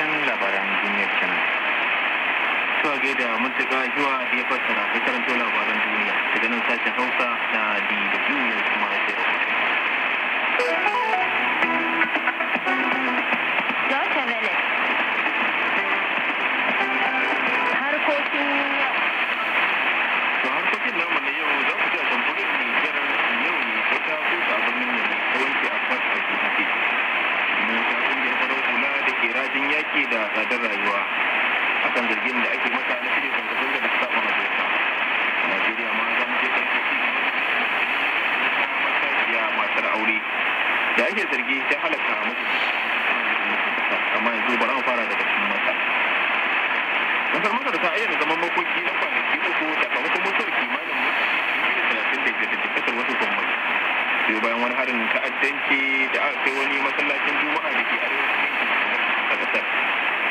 takaitaccen labaran duniya kenan. Suwa da mutaka zuwa da ya fassara ya karanto labaran duniya daga nan sashen Hausa na DW cikin yaƙi da tsadar rayuwa akan zargin da ake mata na shirya kan zanga da saba a najeriya ma za mu je karfafi matakiya matar aure da ake zargi ta halaka mutu amma yanzu bara mu fara daga cikin mata kasar masar ta ayyana zaman makoki na kwanaki uku sakamakon mutuwar kimanin mutane talatin da da wasu sai bayan wani harin ta'addanci da aka kai wani masallacin juma'a da ke arewacin kasar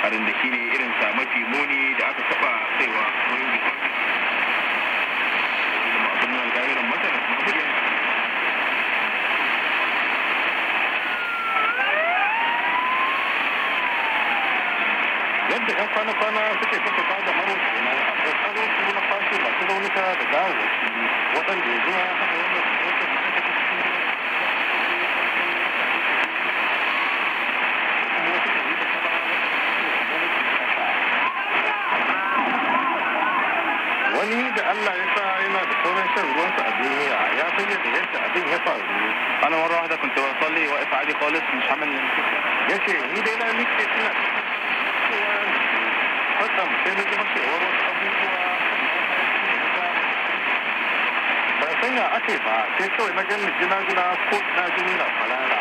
harin da shine irin sa mafi muni da aka taba kaiwa wurin bikin yadda 'yan kwana-kwana suke kafa da marar kenan a ƙoƙarin na kwashe masu raunuka da gawawaki waɗanda ya zuwa haka wannan wani da Allah ya sa yana da sauran shan ruwansa a duniya ya bayyana yadda abin ya faru ana wani wahda kunta wa salli wa ifa ali qalis min shamal yace ni dai na miki ina kwatsam sai na zama cewar wasu abubuwa ban san ya ake ba sai kawai na gan mijina guna ko ina jini na farara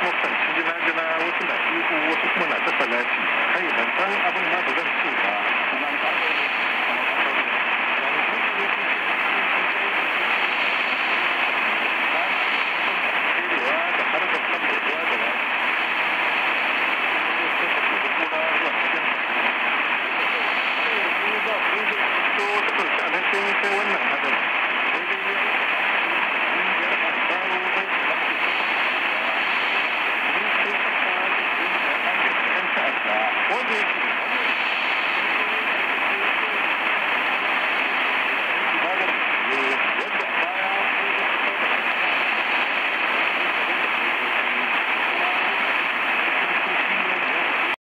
kuma shi na gina wasu na ihu wasu kuma na ta salati kai ban san abin ma ba zan ce ba sai wannan hadari